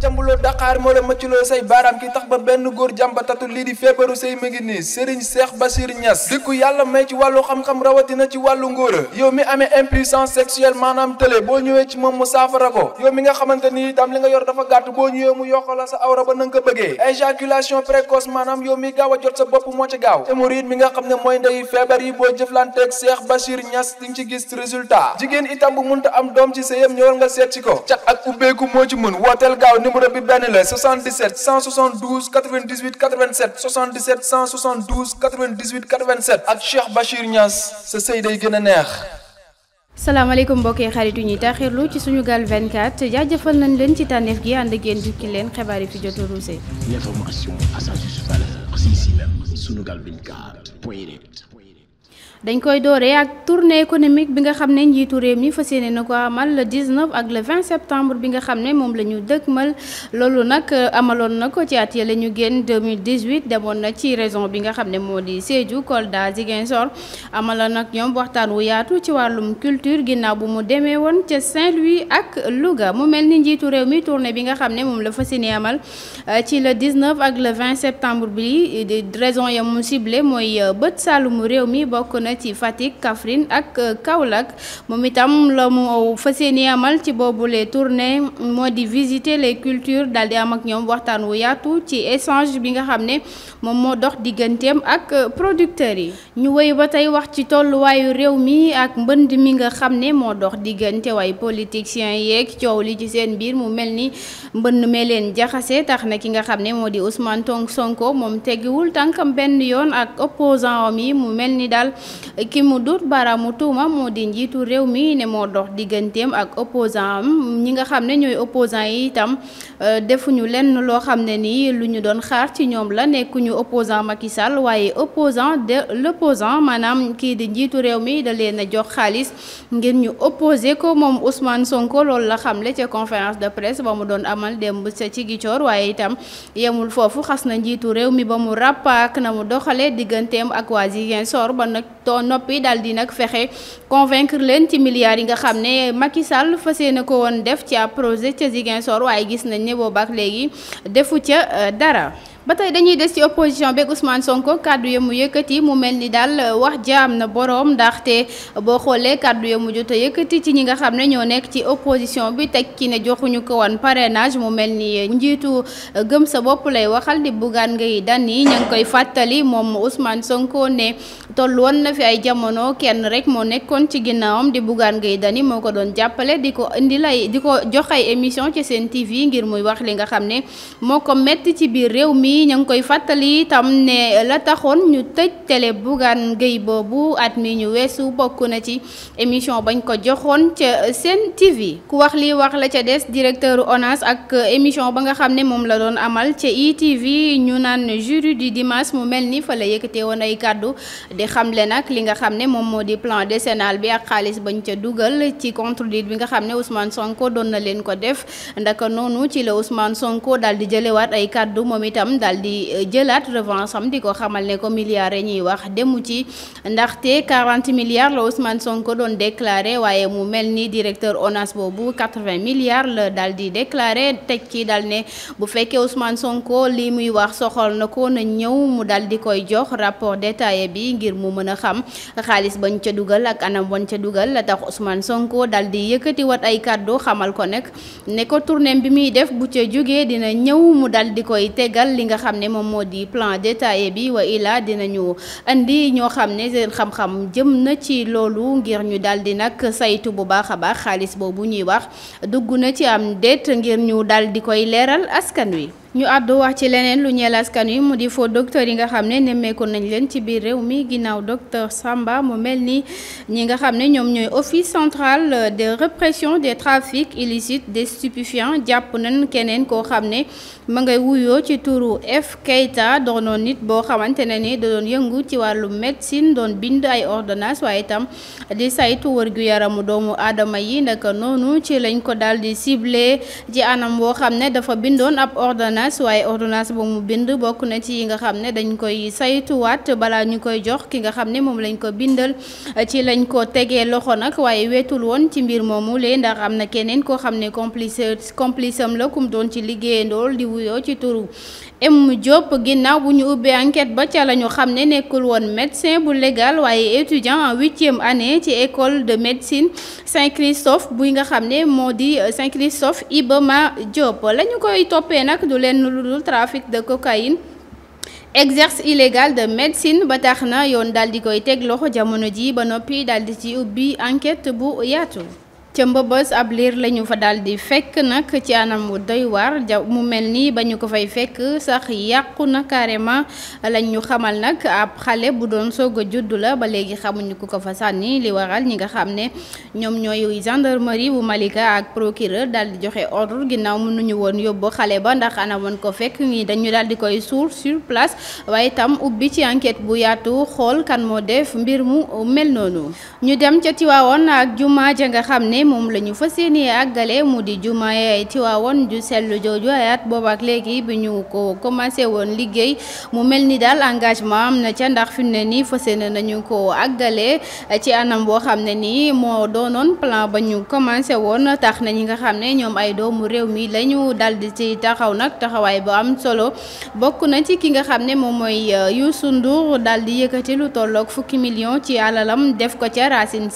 jambuloo Dakar moo la mëcculoo say baaraam ki tax ba benn góor jàmbatatu lii di feebaru say mu ngi nii Serigne Cheikh Bachir Niass yàlla may ci wàllu xam rawatina ci wàllu ngóor yow mi amee impuissance sexuelle maanaam tële boo ñëwee ci moom mu saafara ko yow mi nga xamante ni itam li nga yor dafa gàtt boo ñëwee mu yokk la sa awra ba na nga ko bëggee éjaculation précoce maanaam yow mi gaaw a jot sa bopp moo ci gaaw hémorroïde mi nga xam ne mooy ndeyu feebar yi boo jëflanteeg seex Bachir Niass di nga ci gis résultat jigéen itam bu munta am doom ci sëyam ñëwal nga seet ci ko cat ak ubbeeku moo ci mën wooteel gaaw numéro bi benn la 77 172 98 87 77 172 ak Cheikh Bachir Niass sa sëy day gën a neex. salaamaaleykum mbokki xarit yu ñuy taaxirlu ci suñu gaal 24 jaajëfal nañ leen ci tànneef gi ànd ak yéen jukki leen xibaar yi fi jot a ruusee. dañ koy dooree ak tournée économique bi nga xam ne njiitu réew mi fas yéene na ko amal le 19 ak le 20 septembre bi nga xam ne moom la ñu dëgmal loolu nag euh, amaloon na ko ci at ya la ñu génn 2018 demoon na ci région bi nga xam ne moo di Sédhiou Kolda Ziguinchor amaloon nag ñoom waxtaan wu yaatu ci wàllum culture ginnaaw bu mu demee woon ca Saint-Louis ak Louga mu mel ni njiitu réew mi tournée bi nga xam ne moom la fas yéene amal euh, ci le 19 ak le 20 septembre bi région ya mu ciblé mooy euh, bët saalumu réew mi bokk na. ci Fatick Kaffrine ak euh, Kaolack moom itam la mu fas yéene amal ci boobule tournée moo di visiter les cultures daal di am ak ñoom waxtaan wu yaatu ci échange bi nga xam ne moom moo dox digganteem ak euh, producteurs yi. ñu woy ba tey wax ci tolluwaayu réew mi ak mbënd mi nga xam ne moo dox diggante way politiciens yeeg coow li ci seen biir mu mel ni mbënd mee leen jaxase tax na ki nga xam ne moo di Ousmane Sonko moom teggewul tànkam benn yoon ak opposant am mu mel ni daal. kii mu duut baaraamu tuuma moo di njiitu réew mi ne moo dox digganteem ak opposant am ñi nga xam ne ñooy opposant yi itam euh, defuñu lenn loo xam ne nii lu ñu doon xaar ci ñoom la nekkuñu opposant Macky Sall waaye opposant de l'opposant maanaam kii di njiitu réew mi da leen a jox xaalis ngir ñu opposé ko moom Ousmane Sonko loolu la xamle ca conférence de presse ba mu doon amal démb sa ci gicoor waaye itam yemul foofu xas na njiitu réew mi ba mu ràppaak na mu doxalee digganteem ak waa Ziguinchor ba nag too noppi daal di nag fexe convaincre leen ci milliards yi nga xam ne Macky Sall fas yéene ko woon def ci ab projet ca Ziguinchor waaye gis na ne boobaak léegi defu ca euh, dara. ba tey dañuy des ci opposition beeg Ousmane Sonko kàddu ya mu mu mel ni daal wax jaam na boroom ndaxte boo xoolee kàddu ya mu jot a yëkkati ci ñi nga xam ne ñoo nekk ci opposition bi teg ki ne joxuñu ko woon parrainage mu mel ni njiitu uh, gëm sa bopp lay waxal di Bougane Gueye Dany ña koy fàttali moom Ousmane Sonko ne toll woon na fi ay jamono kenn rek moo nekkoon ci ginnaawam di Bougane Gueye Dany moo ko doon jàppale di ko indi lay di ko jox ay émission ci seen TV ngir muy wax li nga xam ne moo ci biir réew mi bi ñu ngi koy fàttali itam ne la taxoon ñu tëj tele Bougane Gueye boobu at mi ñu weesu bokk na ci émission bañ ko joxoon ca Sen TV ku wax lii wax la ca des directeur ONAS ak émission ba nga xam ne moom la doon amal ca ITV ñu naan jury du dimanche mu mel ni fa la yëkkatee woon ay kàddu di xamle nag li nga xam ne moom moo di plan décennal bi ak xaalis bañ ca dugal ci contredit bi nga xam ne Ousmane Sonko doon na leen ko def ndaka noonu ci la Ousmane Sonko daal di jëlewaat ay kàddu moom itam daal di eh, jëlaat revanche am di ko xamal ne ko milliards yi ñuy wax demu ci ndaxte 40 milliards la Ousmane Sonko doon déclaré waaye mu mel ni directeur ONAS boobu 80 milliards la daal di déclaré teg ci daal ne bu fekkee Ousmane Sonko li muy wax soxol na ko na ñëw mu daal di koy jox rapport détaillé bi ngir mu mën a xam xaalis bañ ca dugal ak anam bañ ca dugal la tax Ousmane Sonko daal di yëkkati wat ay kàddu xamal ko nag ne ko tournée bi muy def bu ca jógee dina nga xam ne moom moo di plan détaillé bi wa ilaa dinañu indi ñoo xam ne seen xam-xam jëm na ci loolu ngir ñu daal di nag saytu bu baax a baax xaalis boobu ñuy wax dugg na ci am déet ngir ñu daal di koy leeral askan wi. ñu àddu wax ci leneen lu ñeel askan yi mu di faux docteur yi nga xam ne nemmeeku nañ leen ci biir réew mi ginnaaw docteur Samba mu mel ni ñi nga xam ne ñoom ñooy office centrale de répression des trafics illicites des stupéfiants jàpp nañ keneen koo xam ne mu ngay wuyoo ci turu F Keita doonoon nit boo xamante ne ni da doon yëngu ci wàllu médecine doon bind ay ordonnance waaye itam di saytu wër gu yaramu doomu aadama yi naka noonu ci lañ ko daal di ciblé ci anam boo xam ne dafa bindoon ab ordonnance waaye ordonnance ba mu bind bokk na ci nga xam ne dañ koy saytuwaat balaa ñu koy jox ki nga xam ne moom lañ ko bindal ci lañ ko tegee loxo nag waaye weetul woon ci mbir moomu lee ndax am na keneen koo xam ne complice complice am la kum doon ci liggéeyandool di wuyoo ci turu M Diop ginnaaw bu ñu ubbee enquête ba ca la ñu xam ne nekkul woon médecin bu légal waaye étudiant en huitième année ci école de médecine Saint-Christophe buy nga xam ne moo di Saint-Christophe Ibama Diop lenn lu trafic de cocaïne exerce illégal de médecine ba tax na yoon daal di koy teg loxo jamono ji ba noppi daal di ci ubbi enquête bu yaatu ca mbëbës ab liir la ñu fa daal di fekk nag ci anam wu doy waar ja mu mel nii ba ñu ko fay fekk sax yàqu na carrément lañ ñu xamal nag ab xale bu doon soog a juddu la ba léegi xamuñu ko ko fa sànni li waral ñi nga xam ne ñoom ñooy gendarmerie bu Malika ak procureur daal di joxe ordre ginnaaw mënuñu woon yóbbu xale ba ndax ana woon ko fekk nii dañu daal di koy suur sur place waaye itam ubbi ci enquête bu yaatu xool kan moo def mbir mu mel noonu ñu dem ca Tiwaawoon moom la ñu fas yéene àggale mu di jumaay Tiwaawoon ju sellu jooju ayaat boobaak léegi bi ñu ko commencé woon liggéey mu mel ni daal engagement am na ca ndax fi mu ne nii fas yéene nañu ko àggale ci anam boo xam ne nii moo doonoon plan ba ñu commencé woon tax na ñi nga xam ne ñoom ay doomu réew mi lañu dal di ci taxaw nag taxawaay bu am solo bokk na ci ki nga xam ne moom mooy euh, Youssou Ndour dal yëkkati lu tolloog fukki million ci alalam def ko ca racine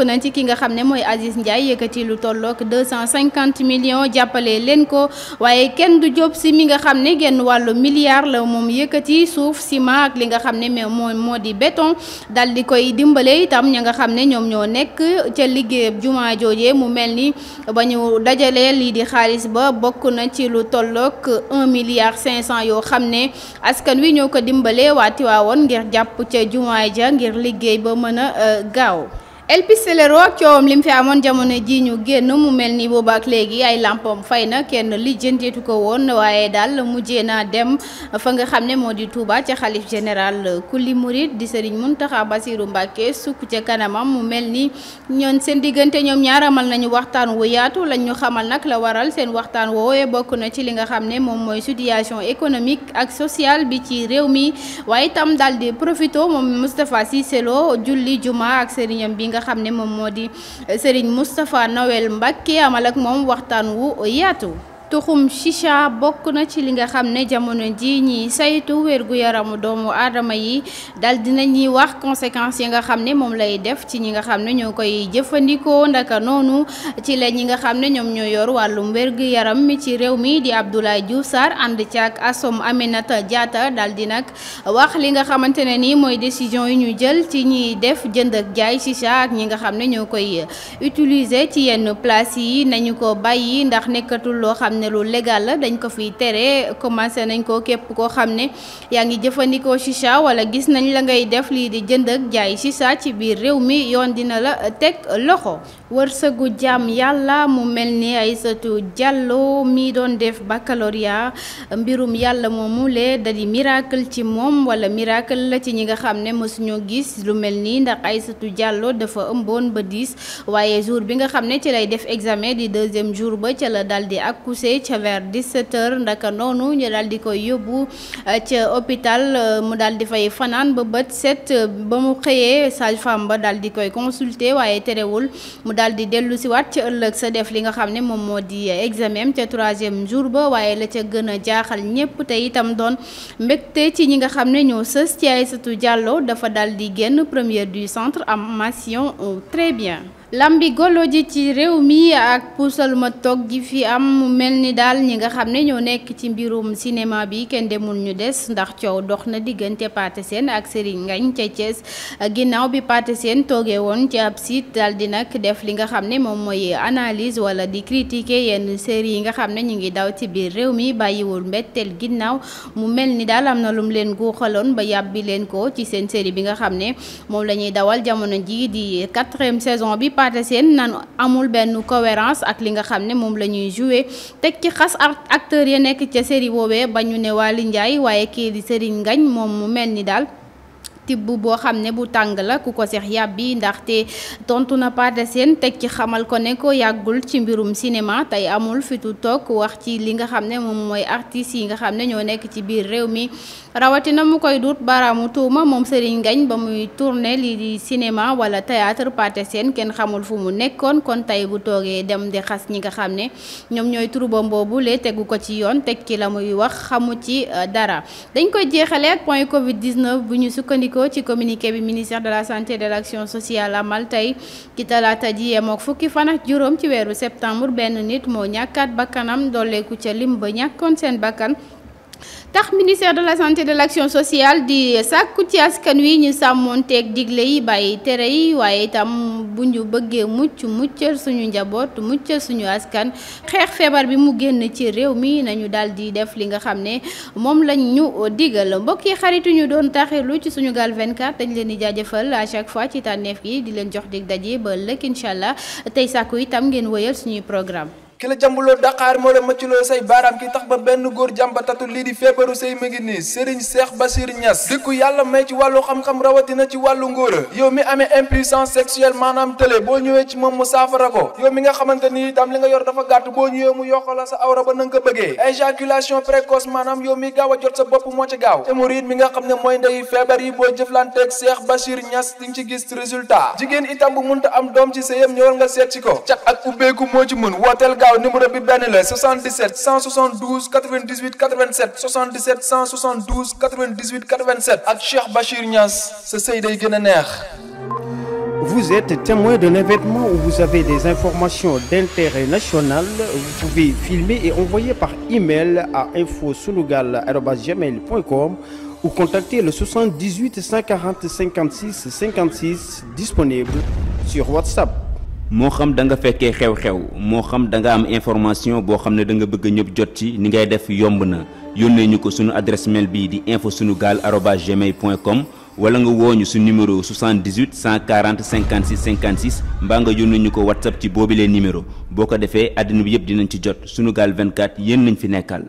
bokk na ci ki nga xam ne mooy Aziz Ndiaye yëkkati lu tollook 250 millions jàppale leen ko waaye kenn du job si mi nga xam ne genn wàllu milliard la moom yëkkati suuf ciment ak li nga xam ne moom moo di béton dal di koy dimbale itam ña nga xam ne ñoom ñoo nekk ca liggéeyab jumaa joojee mu mel ni ba ñu dajalee lii di xaalis ba bokk na ci lu tollook 1 milliard 500 yoo xam ne askan wi ñoo ko dimbale waati waa Tiwaawoon ngir jàpp ca jumaa ja ngir liggéey ba mën a euh, gaaw El Pistolero ak coowam li mu fi amoon jamono ji ñu génn mu mel ni booba ak léegi ay lampam fay na kenn li jëndeetu ko woon waaye daal mujjee naa dem fa nga xam ne moo di Touba ca xalif général kulli murid di sëriñ taxa Basiru Mbàkke sukk ca kanamam mu mel ni ñoon seen diggante ñoom ñaar amal nañu waxtaan wu yaatu lañ ñu xamal nag la waral seen waxtaan woowee bokk na ci li nga xam ne moom mooy situation économique ak sociale bi ci réew mi waaye itam daal di moom Moustapha Cissé Lo julli bi nga xam ne moom moo di Serigne Moustapha Noël Mbacké amal ak moom waxtaan wu yaatu tuxum chicha bokk na ci li nga xam ne jamono ji ñi saytu wérgu yaramu doomu aadama yi dal dina ñuy wax conséquences yi nga xam ne moom lay def ci ñi nga xam ne ñoo koy jëfandikoo ndaka noonu ci la ñi nga xam ne ñoom ñoo yor wàllum wérgu yaram mi ci réew mi di Abdoulaye Diouf Sarr ànd ci ak Assom Aminata Diatta dal di nag wax li nga xamante ne nii mooy décision yi ñu jël ci ñiy def jënd jaay chicha ak ñi nga xam ne ñoo koy utiliser ci yenn place yi nañu ko bàyyi ndax nekkatul loo xam ne lu légal la dañ ko fiy tere commencé nañ ko képp koo xam ne yaa ngi jëfandikoo chicha wala gis nañ la ngay def lii di jënd ak jaay chicha ci biir réew mi yoon dina la teg loxo wërsëgu jàmm yàlla mu mel ni Aïssatou jàlloo mi doon def baccalauréat mbirum yàlla moomu lee da di ci moom wala miracle la ci ñi nga xam ne mësuñoo gis lu mel nii ndax Aïssatou jàlloo dafa ëmboon ba diis waaye jour bi nga xam ne ci lay def examen di deuxième jour ba ca décédé ca vers 17h ndaka noonu ñu daal di koy yóbbu euh, ca hôpital euh, mu daal di fay fanaan ba bët set euh, ba mu xëyee sage-femme ba daal di koy consulter waaye terewul mu daal di dellu si waat ca ëllëg sa def li nga xam ne moom moo di examen ca troisième jour ba waaye la ca gën a jaaxal ñëpp tey itam doon mbégte ci ñi nga xam ne ñoo sës ci Aïssatou Diallo dafa daal di génn première du centre am mention très bien lambi golo ji ci réew mi ak puusal ma toog ji fi am mu mel ni daal ñi nga xam ne ñoo nekk ci mbirum cinéma bi kenn demul ñu des ndax coow dox na diggante Pathé Sène ak Serigne Ngagne ca Thiès ginnaaw bi Pathé Sène toogee woon ci ab daal di def li nga xam ne moom mooy analyse wala di critiquer yenn série yi nga xam ne ñu ngi daw ci biir réew mi bàyyiwul mbetteel ginnaaw mu mel ni daal am na lum leen guuxaloon ba yàbbi leen ko ci seen série bi nga xam ne moom la ñuy dawal jamono ji di quatrième saison bi. Pathé Sène nanu amul benn cohérence ak li nga xam ne moom la ñuy joué teg ci xas acteurs ya nekk ca série boobee ba ñu ne Waly Ndiaye waaye kii di Serigne ngañ moom mu mel ni daal tibb boo xam ne bu tàng la ku ko seex yàbbi ndaxte tontu na Pathé Sène teg ci xamal ko ne ko yàggul ci mbirum cinéma tey amul fi tu toog wax ci li nga xam ne moom mooy artistes yi nga xam ne ñoo nekk ci biir réew mi rawatina mu koy duut baaraamu tuuma moom Serigne ngañ ba muy tourne lii di cinéma wala théâtre Pathé seen kenn xamul fu mu nekkoon kon tey bu toogee dem di xas ñi nga xam ne ñoom ñooy turubam boobu lee tegu ko ci yoon teg ci la muy wax xamu ci euh, dara dañ koy jeexale ak point covid 19 bu ñu sukkandikoo ko ci communiqué bi ministère de la santé et de l' sociale amal tey ki talaata ji yemoog fukki fan juróom ci weeru septembre benn nit moo ñàkkaat bakkanam dooleeku ca lim ba ñàkkoon seen bakkan tax ministère de la santé de l' sociale di sàkku ci askan wi ñu sàmmoon sàmmoonteeg digle yi bàyyi tere yi waaye itam bu ñu bëggee mucc muccal suñu njaboot muccal suñu askan xeex feebar bi mu génn ci réew mi nañu daal di def li nga xam ne moom lañ ñu digal mbokk xaritu ñu doon taxirlu ci suñu gaal 24 dañ leen di jaajëfal à chaque fois ci tànneef gi di leen jox dig daj ba ëllëg incha allah tey sàkku itam ngeen wëyal suñuy programme ki la jàmbuloo daqaar moo la mëcculoo say baaraam ki tax ba benn góor jàmbatatu lii di feebaru say mu ngi nii Serigne Cheikh Bassir Niass yàlla may ci wàllu xam rawatina ci wàllu ngóora yow mi amee impuissance sexuelle maanaam tële boo ñëwee ci moom mu saafara ko yow mi nga xamante ni itam li nga yor dafa gàtt boo ñëwee mu yokk la sa awra ba na nga ko bëggee éjaculation précoce maanaam yow mi gaaw a jot sa bopp moo ci gaaw hémorroïde mi nga xam ne mooy ndeyu feebar yi boo jëflanteeg Cheikh Bassir Niass di nga ci gis résultat jigéen itam bu munta am doom ci sëyam ñëwal nga seet ci ko cat ak ubbeeku moo ci mën gaaw numéro bi benn la 77 172 98 87 77 172 98 87 ak gën a neex. Vous êtes témoin d'un événement ou vous avez des informations d'intérêt national, vous pouvez filmer et envoyer par email à le 78 140 56 56 disponible sur WhatsApp. moo xam da nga fekkee xew-xew moo xam da nga am information boo xam ne da nga bëgg ñëpp jot ci ni ngay def yomb na yónnee ñu ko sunu adresse mail bii di info sunu gaal arobase gmail point com wala nga wooñu su numéro 78 140 56 56 mbaa nga yónnee ñu ko whatsapp ci boobilee numéro boo ko defee àddina bi yëpp dinañ ci jot sunu gaal 24 yéen nañ fi nekkal